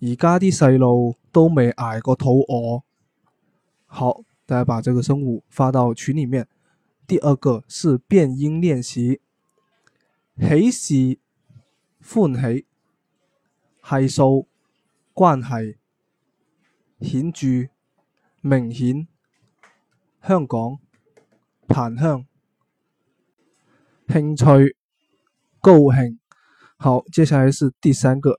而家啲細路都未捱過肚餓哦。好，大家把這個生物發到群裏面。第二個是變音練習，喜事歡喜，係數關係，顯著明顯，香港檀香興趣高興。好，接下來是第三個。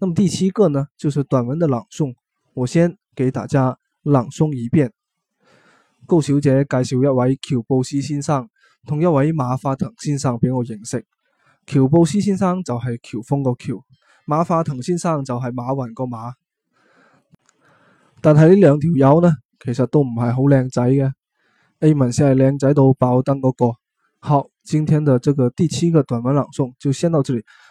那麼第七個呢，就是短文的朗誦。我先給大家朗誦一遍。高小姐介紹一位喬布斯先生同一位馬化騰先生俾我認識。喬布斯先生就係喬峰個喬，馬化騰先生就係馬雲個馬。但係呢兩條友呢，其實都唔係好靚仔嘅。A 文先係靚仔到爆燈嗰個。好，今天的這個第七個短文朗誦就先到這裏。